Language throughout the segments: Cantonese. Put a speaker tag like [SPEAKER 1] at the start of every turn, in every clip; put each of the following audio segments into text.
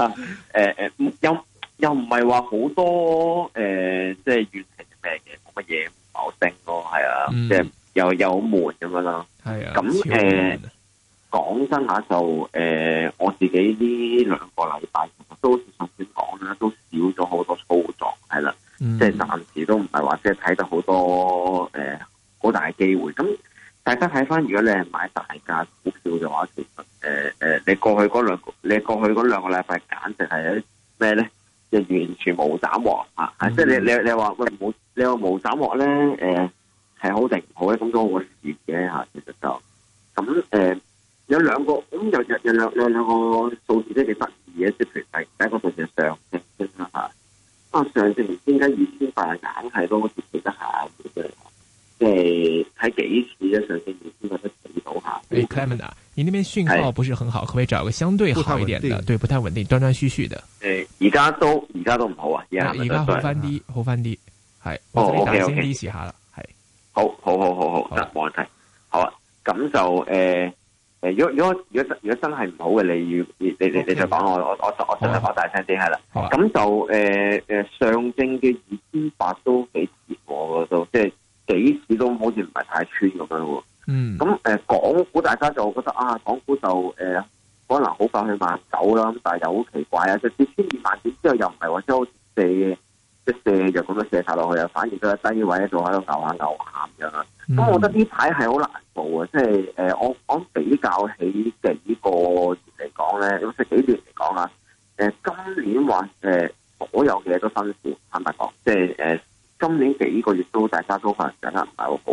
[SPEAKER 1] 誒 誒、啊呃，又又唔係話好多，誒、呃，即係疫情咩嘅，冇乜嘢冇升咯，係啊，嗯、即係又有，有門咁樣啦，係、哎、啊。咁誒，講、呃、真下就，誒、呃，我自己呢兩個禮拜都想先講啦，都少咗好多操作，係啦、啊嗯，即係暫時都唔係話即係睇到好多，誒、呃，好大嘅機會。咁，大家睇翻，如果你係買大價股票嘅話，你過去嗰兩，你過去嗰兩個禮拜簡直係咩咧？就完全冇斬獲嚇，即係你你你話喂，冇，你話冇斬獲咧，誒、呃、係好定唔好咧咁多個事嘅嚇，其實就咁誒、嗯呃、有兩個咁又又又兩有兩個數字咧，幾得意嘅，即係第一個就係上上年啦嚇，啊上年點解二千八硬係嗰個跌得下即係睇幾次咧、啊，上年二千八都跌到下。誒，Clement 啊。你
[SPEAKER 2] 呢邊訊號不是很好，是啊、可唔可以找個相對好一點的？對，不太穩定，斷斷續續的。
[SPEAKER 1] 誒，而家都而家都唔好啊！而家而家好翻
[SPEAKER 2] 啲，好、啊、翻啲，係、啊啊啊啊。我先大聲下啦，
[SPEAKER 1] 係。好，好好好好，得冇問題。好啊，咁就誒誒、呃，如果如果如果真如果真係唔好嘅，你要你你 okay, 你再講我我我我真係發大聲啲，係啦、啊。咁、啊、就誒誒、呃，上證嘅二千八都幾似我嗰度，即係幾似都好似唔係太穿咁樣喎。咁、嗯、誒，港股大家就覺得啊，港股就誒可能好快去萬九啦，咁但係又好奇怪啊，就係跌千二萬點之後又唔係話即好似即係射入咁樣射晒落去啊，反而都係低位喺度喺度牛下牛下咁啊。咁、嗯、我覺得呢排係好難做啊，即係誒，我我比較起幾個嚟講咧，即係幾年嚟講啊，誒今年話誒所有嘢都紛紛坦白講，即係誒今年幾個月都大家都可能整得唔係好好。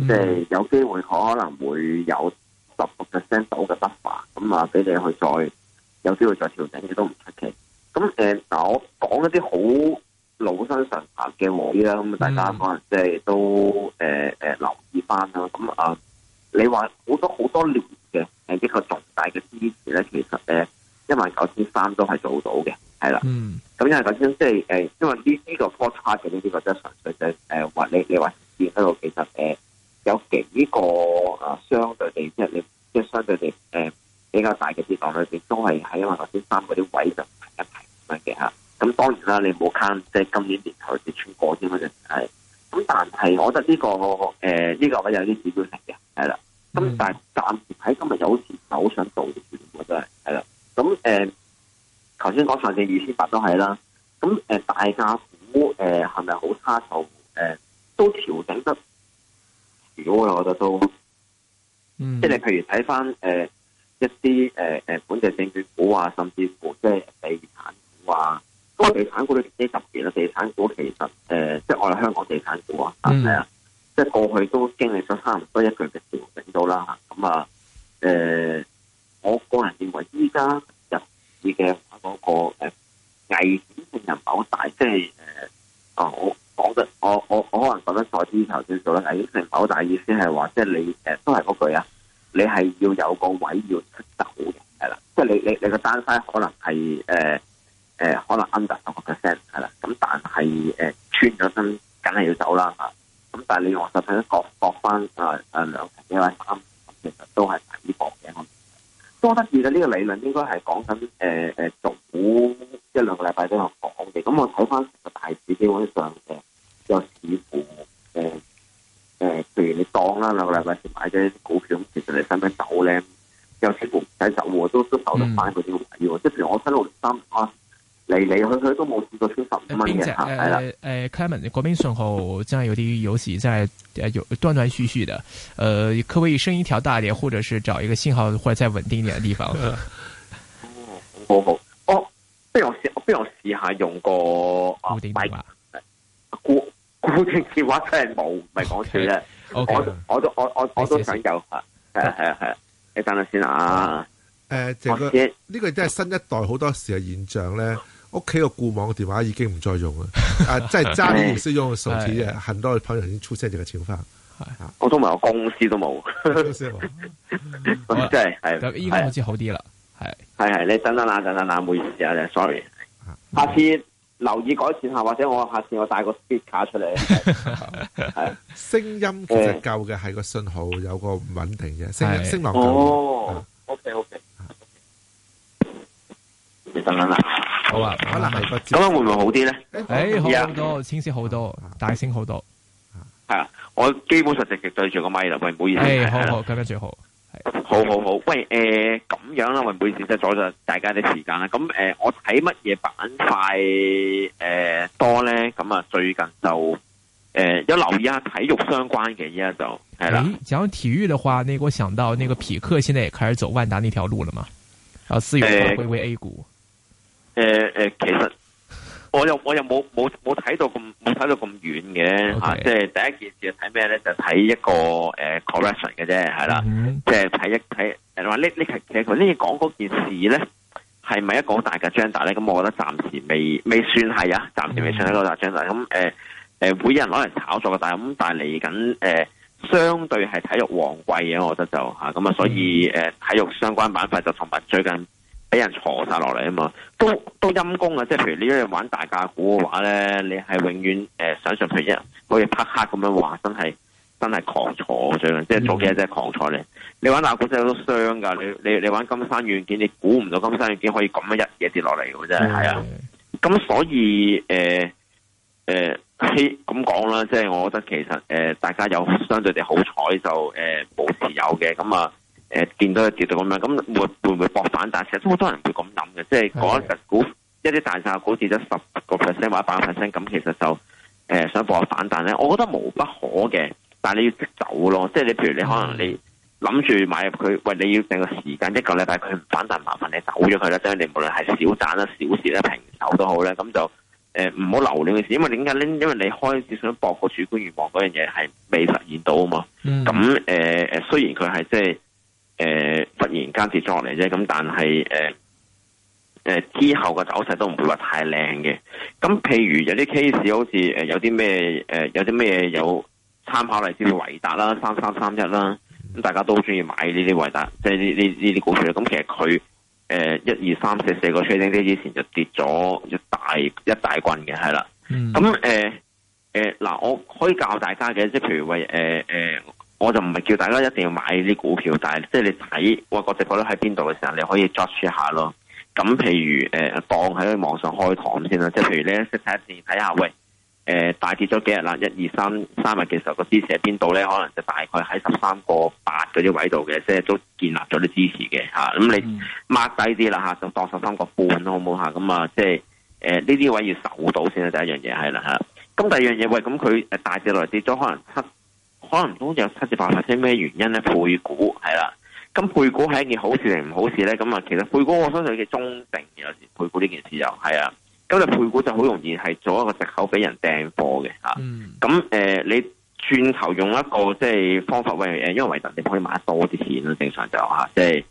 [SPEAKER 1] 即係有機會，可能會有十六 percent 到嘅跌幅，咁啊俾你去再有機會再調整，亦都唔出奇。咁誒嗱，我講一啲好老生常談嘅話語啦，咁啊大家可能即係都誒誒留意翻啦。咁啊、呃，你話好多好多年嘅誒一個重大嘅支持咧，其實誒一萬九千三都係做到嘅，係啦。嗯。咁因為首先即係誒，因為呢、這、呢個 four part 嘅呢啲純粹、就係，呃、你你話其實誒話你你話變嗰個其實誒。呃有、這、幾個誒相對地，即係你即係相對地誒、呃、比較大嘅跌檔裏邊，都係喺因為嗰啲三嗰啲位就一齊咁嘅吓。咁當然啦，你冇坑，即係今年年頭跌穿過添嘅係。咁但係，我覺得呢、這個誒呢、呃這個位有啲指標性嘅係啦。咁、嗯、但係，暫時喺今日有時就好想道嘅，我覺得係啦。咁誒，頭先講上次預先法都係啦。咁誒、呃，大家估誒係咪好差就誒都調整得？嗯、我覺得都即係你譬如睇翻，誒一啲誒誒本地證券股啊，甚至乎即係地產股啊，咁啊地產股都幾特別啦，地產股其實誒、呃，即係我哋香港地產股啊，係啊、嗯？即係過去都經歷咗差唔多一段嘅調整到啦，咁啊，誒、呃，我個人認為依家。再睇頭先做啦。係唔係大意思？係話即係你誒都係嗰句啊，你係要有個位要出走嘅，係啦，即係你你你個單單可能係誒誒可能 under 十個 percent 係啦，咁但係穿咗身梗係要走啦。咁但係你我實質割割翻啊啊兩釐幾三其實都係啲薄嘅。多得意嘅呢個理論應該係講緊誒一兩個禮拜都有講嘅，咁我睇翻個大市基本上誒。 你當啦，兩個禮拜前買咗股票，其實你使唔使走咧？有啲唔使走我都都走得翻嗰啲位嘅，即係譬如我身度三啊，嚟嚟去去都冇跌過超過
[SPEAKER 2] 十五蚊嘅。係、呃、啦，誒 Clement 嗰邊信號真係有啲有時真係誒斷斷續續的。誒、呃，可唔可以聲音調大啲，或者是找一個信號或者再穩定一點嘅地方？ 哦，
[SPEAKER 1] 好好，哦、我俾我試，俾我試下用個固定電話。啊啊、固固定電話真係冇，唔係講笑啫。Okay. Okay，我我都我我我都想有，係係係啊，你等下
[SPEAKER 2] 先啊。誒，呢、這個真係新一代好多時嘅現象咧。屋企個固網嘅電話
[SPEAKER 1] 已經唔再用啦、 啊， 啊，即係爭啲唔識用數字啊，
[SPEAKER 2] 很多嘅朋友已經出聲借個錢翻。
[SPEAKER 1] 我都唔係，我公司都冇，真係係依家好似好啲啦，係係係，你等等啦，等等啦，唔好意思啊，sorry、啊。下次。留意改善下，或者我下次我帶個 speaker 出嚟。係 聲音其實
[SPEAKER 2] 夠嘅，係個信號有個唔穩定嘅聲嘅聲量。哦、oh，OK
[SPEAKER 1] OK。你等緊啦，好啊，可能係個咁樣會唔會好啲咧？誒、哎，好
[SPEAKER 2] 多清晰好多，大聲好多。係
[SPEAKER 1] 啊，我基本上直接對住個咪啦，喂，唔好意思誒，好好，咁樣最好。好好好，喂誒，咁、呃、樣啦、呃，唔好意思即係阻住大家啲時間啦。咁誒，我睇乜嘢板塊誒、呃、多咧？咁啊，最近就誒有、呃、留意下體育相關嘅依家就係啦、哎。
[SPEAKER 2] 講體育嘅話，那個我想到那個匹克，現在也開始走萬達那條路了嘛，啊，四月份回
[SPEAKER 1] 歸 A 股。誒、呃、誒、呃，其實。我又我又冇冇冇睇到咁冇睇到咁遠嘅嚇，okay. 即係第一件事係睇咩咧？就睇、是、一個誒、呃、correction 嘅啫，係啦，mm-hmm. 即係睇一睇人話呢呢其實呢講嗰件事咧係咪一個好大嘅張大咧？咁我覺得暫時未未算係啊，暫時未算係一個大張大咁誒誒會有人攞嚟炒作嘅，但係咁但係嚟緊誒相對係體育旺季嘅，我覺得就嚇咁啊，所以誒、呃、體育相關板塊就同埋最近。俾人坐晒落嚟啊嘛，都都陰功啊！即係譬如你一樣玩大價股嘅話咧，你係永遠誒，想、呃、象譬如一可以啪黑咁樣話，真係真係狂坐最即係做幾隻真係狂坐咧！你玩大股真係好傷噶，你你你玩金山軟件，你估唔到金山軟件可以咁樣一嘢跌落嚟嘅真係係啊！咁所以誒誒嘿咁講啦，即係我覺得其實誒、呃、大家有相對地好彩就誒冇、呃、持有嘅咁、嗯、啊。誒、呃，見到佢跌到咁樣，咁會會唔會搏反彈？其實好多人會咁諗嘅，即係講一隻股，一啲大隻股跌咗十個 percent 或者百 percent，咁其實就誒、呃、想搏反彈咧。我覺得無不可嘅，但係你要即走咯。即係你譬如你可能你諗住買入佢，喂你要定個時間，一個禮拜佢唔反彈麻煩你走咗佢啦。即係你無論係小賺啦、小蝕啦、平手都好咧，咁就誒唔好留呢件事。因為點解因為你開始想搏個主觀願望嗰樣嘢係未實現到啊嘛。咁誒誒，雖然佢係即係。誒、呃，忽然間跌咗落嚟啫，咁但係誒誒之後嘅走勢都唔會話太靚嘅。咁譬如有啲 case 好似誒有啲咩誒有啲咩有參考嚟自維達啦，三三三一啦，咁大家都好中意買呢啲維達，即係呢呢呢啲股票。咁其實佢誒一二三四四個 trading day 之前就跌咗一大一大棍嘅，係啦。咁誒誒嗱，我可以教大家嘅，即係譬如為誒誒。呃呃我就唔係叫大家一定要買啲股票，但係即係你睇我國直覺得喺邊度嘅時候，你可以 j u 下咯。咁譬如誒、呃，當喺網上開堂先啦，即係譬如咧，即睇睇下，喂誒、呃，大跌咗幾日啦，一二三三日技候個支持喺邊度咧？可能就大概喺十三個八嗰啲位度嘅，即係都建立咗啲支持嘅，咁、啊、你抹低啲啦嚇，就、啊、當十三個半好唔好吓咁，啊，即係呢啲位要守到先係第、就是、一樣嘢係啦，咁第二樣嘢喂，咁佢誒大跌落嚟跌咗可能七。可能都有七至八成，咩原因咧？配股係啦，咁配股係一件好事定唔好事咧？咁啊，其實配股我相信佢嘅中性，有時配股呢件事就係啊，咁就配股就好容易係做一個借口俾人掟貨嘅吓。咁、嗯、誒、呃，你轉頭用一個即係方法喂誒，因為唯獨你可以買多啲錢啦，正常就吓，即係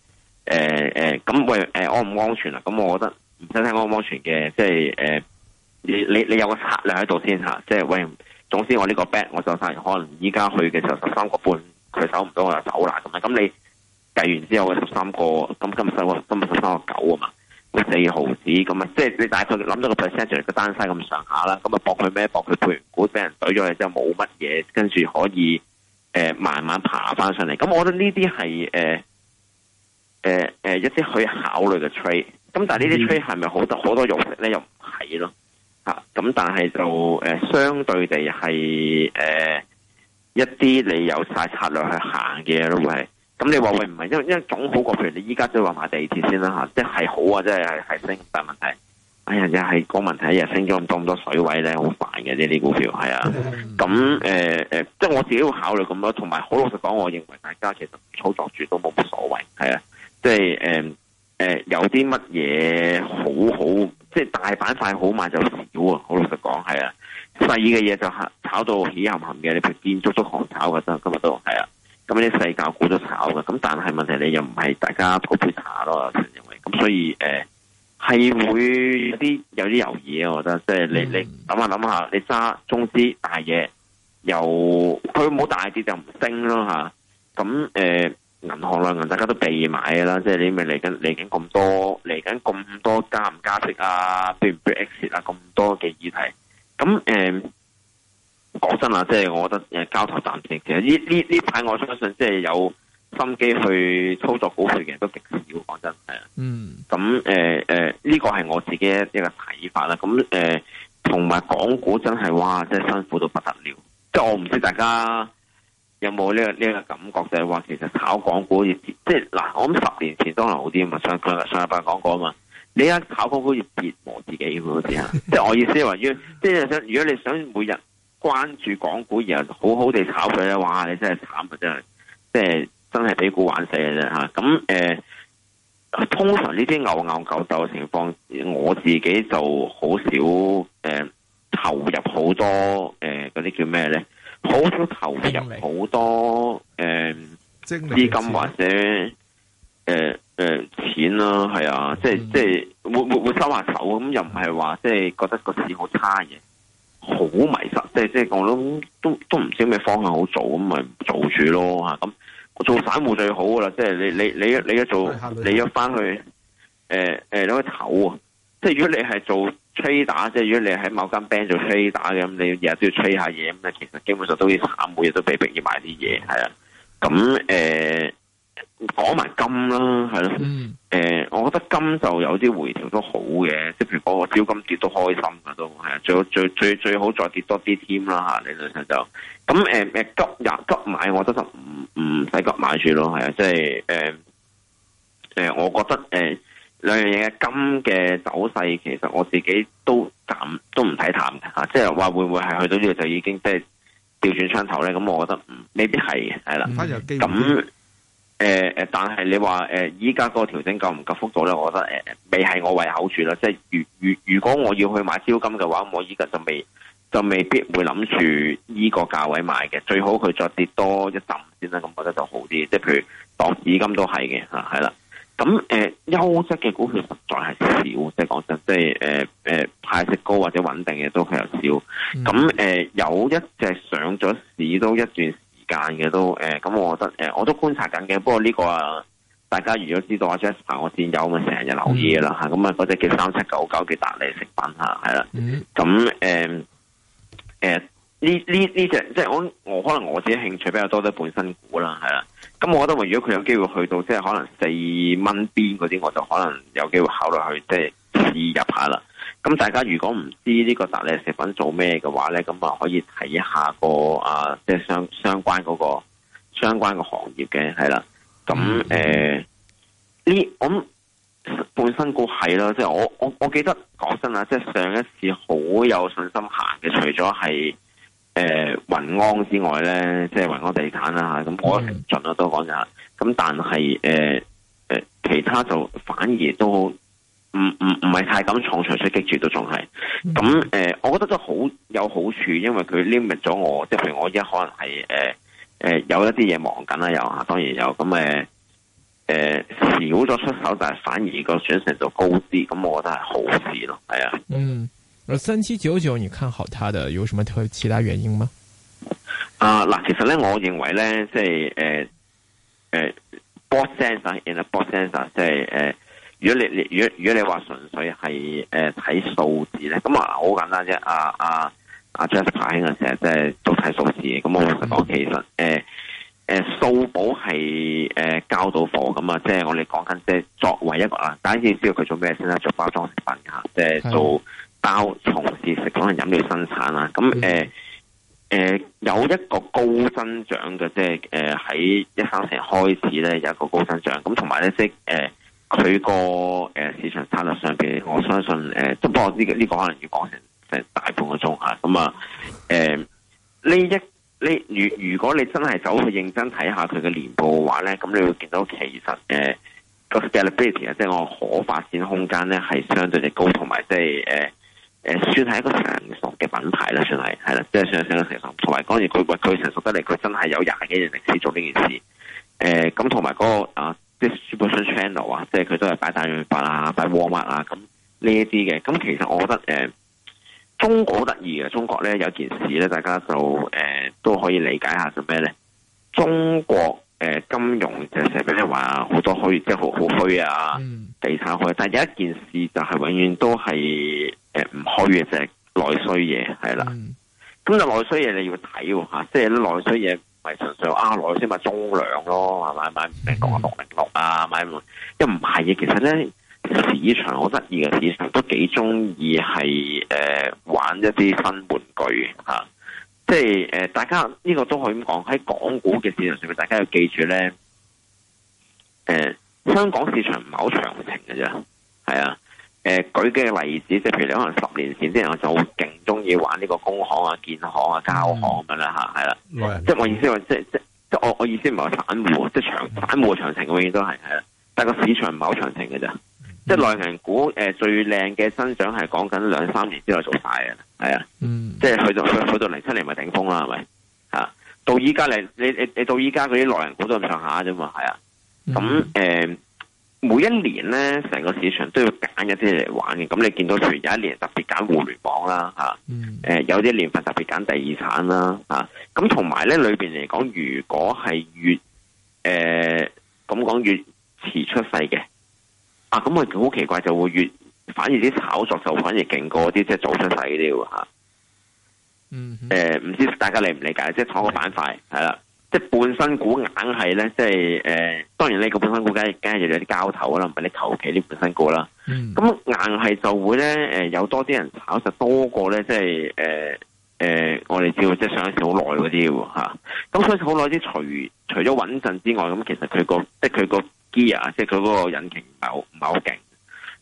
[SPEAKER 1] 誒誒，咁、呃呃、喂誒、呃、安唔安全啊？咁、嗯、我覺得唔使睇安唔安全嘅，即係誒、呃，你你你有個策略喺度先吓，即係喂。總之，我呢個 back 我就山，可能依家去嘅時候十三個半，佢走唔到我就走啦咁啊。咁你計完之後嘅十三個，咁今日收個今日十三個九啊嘛，四毫子咁啊，即係你大概諗到個 percentage 嘅單西咁上下啦。咁啊，搏佢咩？搏佢配完股俾人懟咗你之後冇乜嘢，跟住可以誒、呃、慢慢爬翻上嚟。咁我覺得呢啲係誒誒誒一啲可以考慮嘅 trade, trade 是是。咁但係呢啲 trade 係咪好多好多肉食咧？又唔係咯？但係就誒、呃，相對地係誒、呃、一啲你有晒策略去行嘅，咁你話喂唔係，因為因為總好過譬如好、哎、股票，你依家都話埋地鐵先啦吓，即係好啊，即係係升，但係哎呀又係個問題，日升咗咁多咁多水位咧，好煩嘅啲啲股票係啊。咁誒誒，即係我自己會考慮咁多，同埋好老實講，我認為大家其實唔操作住都冇乜所謂。係啊，即係誒誒，有啲乜嘢好好。即係大板塊好買就少啊！好老實講，係啊，細嘅嘢就炒到起冚冚嘅。你譬如建築都行炒嘅，真今日都係啊。咁啲細價股都炒嘅，咁但係問題你又唔係大家普遍炒咯，我認為。咁所以誒係、呃、會有啲有啲猶豫啊，我覺得。即係你你諗下諗下，你揸中資大嘢，又佢冇大跌就唔升咯吓。咁、啊、誒。嗯呃銀行類啊，大家都避買嘅啦，即係你咪嚟緊嚟緊咁多嚟緊咁多加唔加息啊，變唔變 X 啊，咁多嘅議題，咁誒，講真啊，即係我覺得誒，交投暫時其實呢呢呢排，我相信即係有心機去操作股票嘅都極少，講真係啊，嗯，呃呃，嗯，咁誒誒，呢個係我自己一個睇法啦，咁誒，同埋港股真係哇，真係辛苦到不得了，即係我唔知大家。有冇呢、這個呢、這個感覺，就係話其實炒港股越跌，即係嗱，我諗十年前當然好啲啊嘛，上上一班講過啊嘛，你一炒港股要折磨自己，嗰啲啊，即係我意思話，要即係想，如果你想每日關注港股，然後好好地炒佢嘅話你真係慘啊，真係，即係真係俾股玩死嘅啫吓。咁誒，通常呢啲牛牛狗狗嘅情況，我自己就好少誒、呃、投入好多誒嗰啲叫咩咧？好少投入好多誒資金或者誒誒錢啦、啊呃，係啊，啊嗯、即係即係會會會，會收下手咁，又唔係話即係覺得個市好差嘅，好迷失，即係即係講都都都唔知咩方向好做咁，咪做住咯吓咁。我做散戶最好噶啦，即係你你你你一做，你一翻去誒誒唞啊，即係如果你係做。吹打，即係如果你喺某間 band 做吹打嘅，咁你日日都要吹下嘢咁啊，其實基本上都要慘，每日都被逼要買啲嘢係啊。咁誒，講埋、呃、金啦，係咯，誒、呃，我覺得金就有啲回調都好嘅，即係如果我招金跌都開心噶都係啊，最好最最最好再跌多啲添啦吓，李女就咁誒誒急入急買，我覺得就唔唔使急買住咯，係啊，即係誒誒，我覺得誒。呃兩樣嘢嘅金嘅走勢，其實我自己都淡，都唔睇淡嘅吓，即係話會唔會係去到呢度就已經即係調轉槍頭咧？咁我覺得、嗯、未必係，係啦。咁誒誒，但係你話誒，依家個調整夠唔夠幅度咧？我覺得誒、呃，未係我胃口處啦。即、就、係、是、如如如果我要去買招金嘅話，我依家就未就未必會諗住呢個價位買嘅。最好佢再跌多一浸先啦，咁覺得就好啲。即係譬如當紙金都係嘅吓，係、啊、啦。咁誒，優質嘅股票實在係少，即係講真，即係誒誒派息高或者穩定嘅都係有少。咁、嗯、誒、呃、有一隻上咗市都一段時間嘅都誒，咁、呃、我覺得誒、呃、我都觀察緊嘅。不過呢個啊，大家如果知道阿、啊、Jasper，我戰友咪成日留意啦嚇。咁啊嗰隻叫三七九九嘅達利食品嚇，係啦。咁誒誒。呢呢呢隻即係我我可能我自己興趣比較多都係半身股啦，係啦。咁我覺得如果佢有機會去到即係可能四蚊邊嗰啲，我就可能有機會考慮去即係試入下啦。咁大家如果唔知呢個達利食品做咩嘅話咧，咁啊可以睇一下個啊即係相相關嗰個相關嘅行業嘅係啦。咁誒呢，我半身股係啦即係我我我記得講真啊，即係上一次好有信心行嘅，除咗係。誒、呃，雲安之外咧，即係雲安地產啦吓，咁我盡啦，都講咗。咁但係誒誒，其他就反而都唔唔唔係太敢創財出擊住都仲係。咁、嗯、誒、嗯嗯呃，我覺得都好有好處，因為佢 limit 咗我，即係譬如我而家可能係誒誒，有一啲嘢忙緊啦，有啊，當然有咁誒誒，少咗出手，但係反而個損失就高啲，咁我覺得係好事咯，係啊，嗯。
[SPEAKER 2] 而三七九九，你看好它的？有什麼特其他原因嗎？
[SPEAKER 1] 啊嗱，其實咧，我認為咧，即係誒誒，boss sense and boss sense 即係誒、呃，如果你你，如果如果你話純粹係誒睇數字咧，咁啊好簡單啫。阿阿阿 Jasper 喺嗰陣時即係都睇數字，咁我同佢講，嗯、其實誒誒，數寶係誒交到貨咁啊，即係我哋講緊即係作為一個啊，第一要知道佢做咩先啦，做包裝食品吓，即、嗯、係做。包從事食品飲料生產啦，咁誒誒有一個高增長嘅，即係誒喺一三成開始咧有一個高增長，咁同埋咧即係誒佢個誒市場策略上邊，我相信誒、呃，都不過呢呢個可能要講成誒大半個鐘嚇咁啊，誒、呃、呢一呢如如果你真係走去認真睇下佢嘅年報嘅話咧，咁你會見到其實誒個 scalability 啊，即係我可發展空間咧係相對嘅高，同埋即係誒。呃誒，算係一個成熟嘅品牌啦，算係係啦，即係算係成熟。同埋，當然佢佢成熟得嚟，佢真係有廿幾年歷史做呢件事。誒、呃，咁同埋嗰個啊, Channel, 啊，即係 superchannel 啊，即係佢都係擺大潤發啊，擺沃麥啊，咁呢一啲嘅。咁其實我覺得誒、呃，中國好得意嘅。中國咧有一件事咧，大家就誒、呃、都可以理解一下做咩咧？中國誒、呃、金融就成日俾你話好多虛，即係好好虛啊、嗯，地產虛。但係有一件事就係永遠都係。誒，唔虛嘅就係、是、內需嘢，係啦。咁、嗯、就內需嘢你要睇喎吓，即係內需嘢唔係純粹啊內先買中糧咯，買買五零六六零六啊，買唔一唔係嘅，其實咧市場好得意嘅市場都幾中意係誒玩一啲新玩具吓，即係誒、呃、大家呢、這個都可以咁講喺港股嘅市場上面，大家要記住咧，誒、呃、香港市場唔係好長情嘅啫，係啊。誒、呃，舉嘅例子，即係譬如你可能十年前啲人前就好勁，中意玩呢個工行啊、建行啊、交行㗎啦吓，係、嗯、啦，即係、嗯、我意思話，即係即即係我我意思唔係散戶，即係長散戶長情永遠都係係啦，但係個市場唔係好長情嘅咋、嗯。即係內銀股誒、呃、最靚嘅增長係講緊兩三年之內做晒嘅，係啊、嗯，即係去到去到零七年咪頂峰啦，係咪吓？到依家嚟，你你你到依家嗰啲內銀股都咁上下啫嘛，係啊，咁誒。嗯嗯呃每一年咧，成個市場都要揀一啲嚟玩嘅。咁你見到，譬如有一年特別揀互聯網啦，吓，誒，有啲年份特別揀地產啦，吓、啊。咁同埋咧，裏邊嚟講，如果係越誒咁講越遲出世嘅，啊，咁啊，好奇怪，就會越反而啲炒作就會反而勁過啲即係早出世啲嘅吓。嗯，誒、呃，唔知大家理唔理解，即係炒個板塊係啦。即係、呃、半身股硬係咧，即係誒，當然呢個半身股梗係梗係有啲交投啦，唔係你求其啲半身股啦。咁、嗯、硬係就會咧，誒、呃，有多啲人炒實多過咧，即係誒誒，我哋知道即係上一次好耐嗰啲嘅吓。咁、啊、所以好耐啲除除咗穩陣之外，咁其實佢個即係佢個 gear，即係佢嗰個引擎唔係唔係好勁。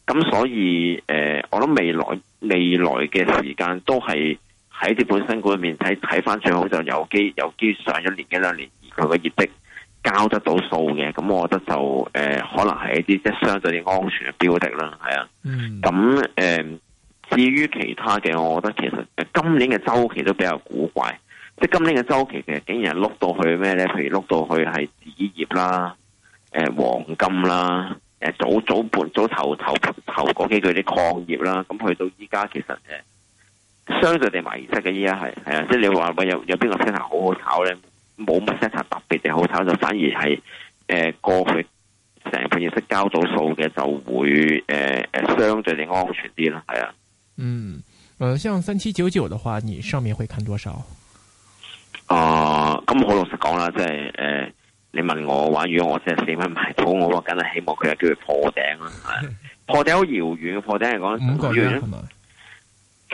[SPEAKER 1] 咁所以誒、呃，我諗未來未來嘅時間都係。喺啲本身股裏面睇睇返最好就有機有機上咗年幾兩年，佢嘅業績交得到數嘅，咁我覺得就誒、呃、可能係一啲即係相對啲安全嘅標的啦，係啊。咁、嗯、誒、呃、至於其他嘅，我覺得其實今年嘅周期都比較古怪，即係今年嘅周期其實竟然碌到去咩咧？譬如碌到去係紙業啦、誒、呃、黃金啦、誒早早盤早，早頭頭頭嗰幾句啲礦業啦，咁去到依家其實誒。是相對地迷失嘅，依家係係啊，即係你話，喂，有有邊個資產好呢好炒咧？冇乜資產特別地好炒，就反而係誒、呃、過去成盤業績交咗數嘅，就會誒誒、呃、相對地安全啲啦，係啊。嗯，
[SPEAKER 2] 誒、呃，像三七九九嘅話，你上面會看多少？
[SPEAKER 1] 啊、嗯、咁、呃、好老實講啦，即係誒、呃，你問我話，如果我真係四蚊買，套，我話，梗係，希望佢係叫佢破頂啦，破頂好遙遠，破頂係講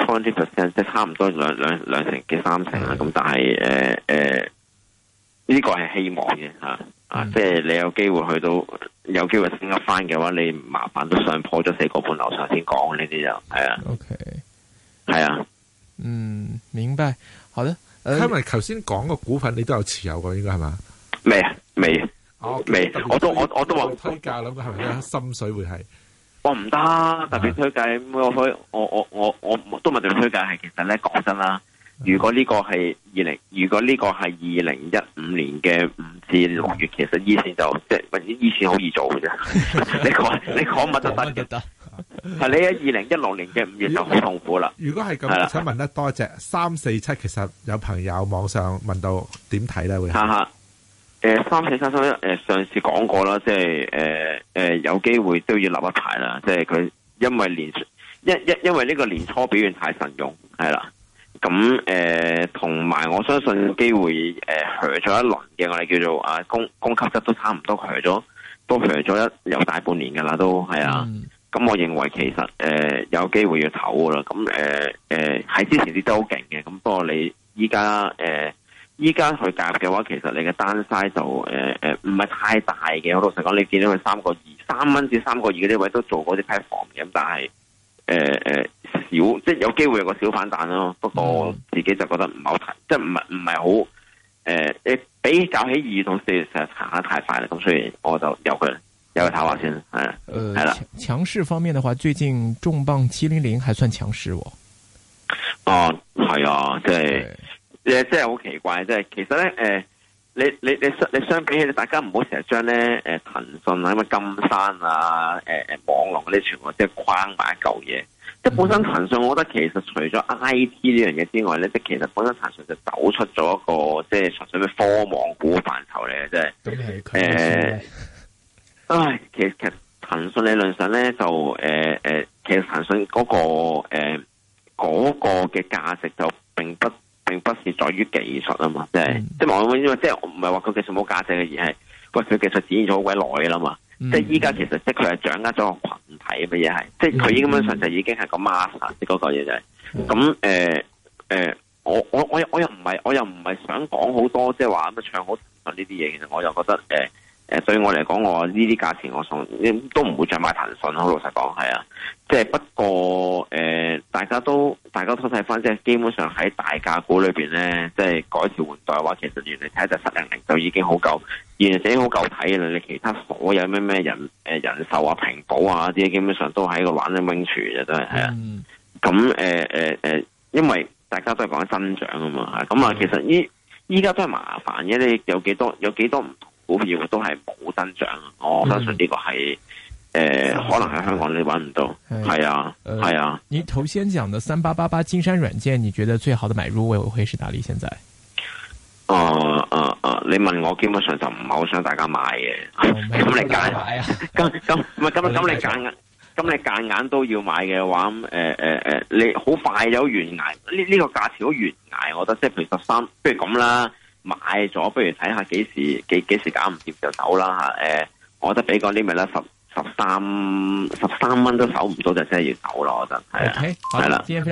[SPEAKER 1] twenty percent 即係差唔多兩兩兩成幾三成啦，咁但係誒誒呢個係希望嘅吓，啊即係你有機會去到有機會升得翻嘅話，你麻煩都上破咗四個半樓上先講呢啲就係啊，OK
[SPEAKER 2] 係啊，嗯明白，好啦，因為頭先講個股份你都有持有嘅，應該係嘛？
[SPEAKER 1] 未啊，未，
[SPEAKER 2] 我、哦、未，我都我我都話推介諗下係咪咧，是是心水會
[SPEAKER 1] 係。我唔得，特別推介。我可以，我我我我，我，我，我都問係推介。係其實咧，講真啦，如果呢個係二零，如果呢個係二零一五年嘅五至六月，其實以前就即係以前好易做嘅啫。 你講你
[SPEAKER 2] 講乜都得嘅，
[SPEAKER 1] 得。係你喺二零一六年嘅五月就好痛苦啦。如果係咁，想
[SPEAKER 2] 問得多謝三四七，3, 4, 7，其實有朋友網上問到點睇咧會呢？
[SPEAKER 1] 誒、呃，三四三三一誒、呃，上次講過啦，即係誒誒，有機會都要立一排啦，即係佢因為年一一因為呢個年初表現太神勇，係啦，咁誒同埋我相信機會誒蝕咗、呃、一輪嘅，我哋叫做啊攻攻擊質都差唔多蝕咗，都蝕咗一有大半年噶啦，都係啊，咁我認為其實誒、呃、有機會要唞噶啦，咁誒誒喺之前啲都好勁嘅，咁不過你依家誒。呃依家去夾嘅話，其實你嘅單 size 就誒誒唔係太大嘅。我老實講，你見到佢三個二三蚊至三個二嗰啲位都做過啲批房嘅，但係誒誒少，即係有機會有個小反彈咯。不過我自己就覺得唔係好即係唔係唔係好誒，比較起二同四實行得太快啦，咁所以我就由佢，由佢睇下先。嗯，係、呃、
[SPEAKER 2] 啦。強勢方面嘅話，最近重磅七零零還算強勢哦。
[SPEAKER 1] 哦，係、嗯、啊，即係。就是即係好奇怪，即係其實咧，誒，你你你相你相比起，大家唔好成日將咧，誒，騰訊啊，金山啊，誒誒，網絡啲全部即係框埋一嚿嘢，即係本身騰訊，我覺得其實除咗 IT 呢樣嘢之外咧，即係其實本身騰訊就走出咗一個即係純粹嘅科網股範疇嚟嘅，即係誒，唉，其實其實騰訊理論上咧就誒誒，其實騰訊嗰個誒、嗰個嘅價值就並不。並不是在於技術啊嘛，即係即係我因為即係我唔係話佢技術冇價值嘅，而係喂佢技術展現咗好鬼耐啦嘛，即係依家其實的確係掌握咗個群體嘅嘢係，即係佢根本上就已經係個 master 嗰個嘢就係、是。咁誒誒我我我又我又唔係我又唔係想講好多即係話乜唱好呢啲嘢，其實我又覺得誒。呃誒，對我嚟講，我呢啲價錢我送，都唔會再買騰訊好老實講，係啊，即、就、係、是、不過誒、呃，大家都大家都睇翻即係，基本上喺大價股裏邊咧，即係改朝換代嘅話，其實原來睇一隻七零零就已經好夠，原嚟已經好夠睇嘅啦。你其他所有咩咩人誒、呃、人壽啊、平保啊啲，基本上都係一個玩命玩住嘅，真係係啊。咁誒誒誒，因為大家都係講增長啊嘛，咁啊、嗯，其實依依家都係麻煩嘅，你有幾多有幾多唔同。股票都係冇增長，我、oh, 相信呢個係誒、啊嗯，可能喺香港你揾唔到，係啊，係啊，啊。
[SPEAKER 2] 你頭先講的三八八八金山軟件，你覺得最好的買入位會是哪裡？現在？
[SPEAKER 1] 誒誒誒，你問我基本上就唔係好想大家買嘅，咁你揀，咁咁咁咁，你揀，咁你揀眼都要買嘅話，誒誒誒，你好快有懸崖，呢呢個價錢好懸崖，我覺得即係譬如十三，不如咁啦。買咗不如睇下幾時幾幾時搞唔掂就走啦吓，誒、欸，我覺得俾嗰啲咪咧，十十三十三蚊都守唔到就真係要走咯，我覺得係啊，係啦，Okay,